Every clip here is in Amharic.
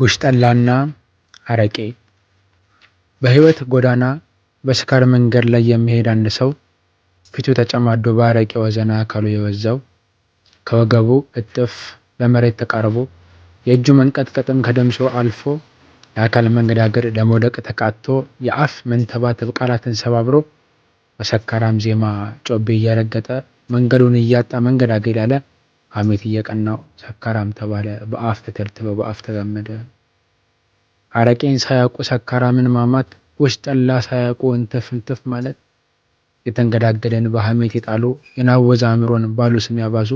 ጉሽጠላና አረቄ በህይወት ጎዳና በስካር መንገድ ላይ የሚሄድ አንድ ሰው ፊቱ ተጨማዶ በአረቄ ወዘና አካሉ የወዛው ከወገቡ እጥፍ በመሬት ተቃርቦ የእጁ መንቀጥቀጥም ከደምሶ አልፎ የአካል መንገዳገድ ለመውደቅ ተቃቶ የአፍ መንተባተብ ቃላትን ሰባብሮ በሰካራም ዜማ ጮቤ እያረገጠ መንገዱን እያጣ መንገዳገድ ያለ ሐሜት እየቀናው ሰካራም ተባለ። በአፍ ተተብተበ፣ በአፍ ተዛመደ። አረቄን ሳያውቁ ሰካራምን ማማት፣ ጎሽ ጠላ ሳያውቁ እንትፍ እንትፍ ማለት፣ የተንገዳገደን በሐሜት የጣሉ የናወዘ አእምሮን ባሉ ስም ያባዙ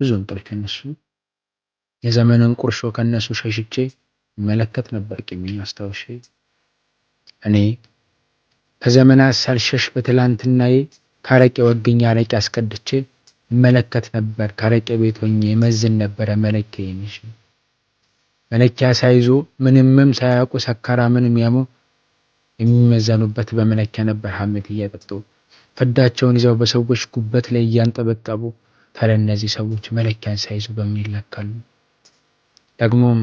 ብዙ እንጦች እነሱ። የዘመንን ቁርሾ ከነሱ ሸሽቼ መለከት ነበር ቂሜን አስታውሼ እኔ ከዘመናት ሳልሸሽ በትላንትናዬ ካረቄ ወግኛ አረቄ አስቀድቼ መለከት ነበር። ከአረቄ ቤት ሆኜ መዝን ነበረ መለኪያ መለኪያ ሳይዙ ምንምም ሳያውቁ ምንም ያሙ የሚመዘኑበት በመለኪያ ነበር። ሐሜት እያጠጡ ፍዳቸውን ይዘው በሰዎች ጉበት ላይ እያንጠበጠቡ ታዲያ እነዚህ ሰዎች መለኪያን ሳይዙ በምን ይለካሉ? ደግሞም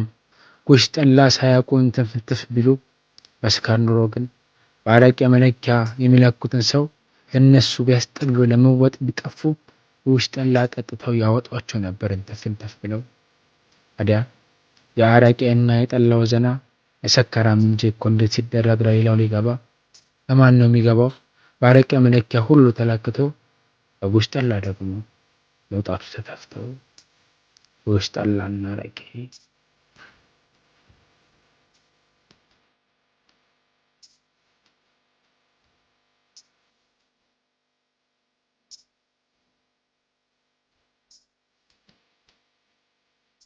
ጎሽ ጠላ ሳያውቁ እንትፍትፍ ቢሉ በስካር ኑሮ ግን በአረቄ መለኪያ የሚለኩትን ሰው ለነሱ ቢያስጠሉ ለመወጥ ቢጠፉ ውስጥን ላጠጥተው ያወጧቸው ነበር እንተፍን ተፍ ብለው። ታዲያ የአረቄና የጠላው ዘና የሰከራም እንጂ እኮ እንዴት ሲደረግ ሌላው ሊገባ ለማን ነው የሚገባው? በአረቄ መለኪያ ሁሉ ተላክቶ በቡሽ ደግሞ ለውጣቱ ተተፍተው በቡሽ አረቄ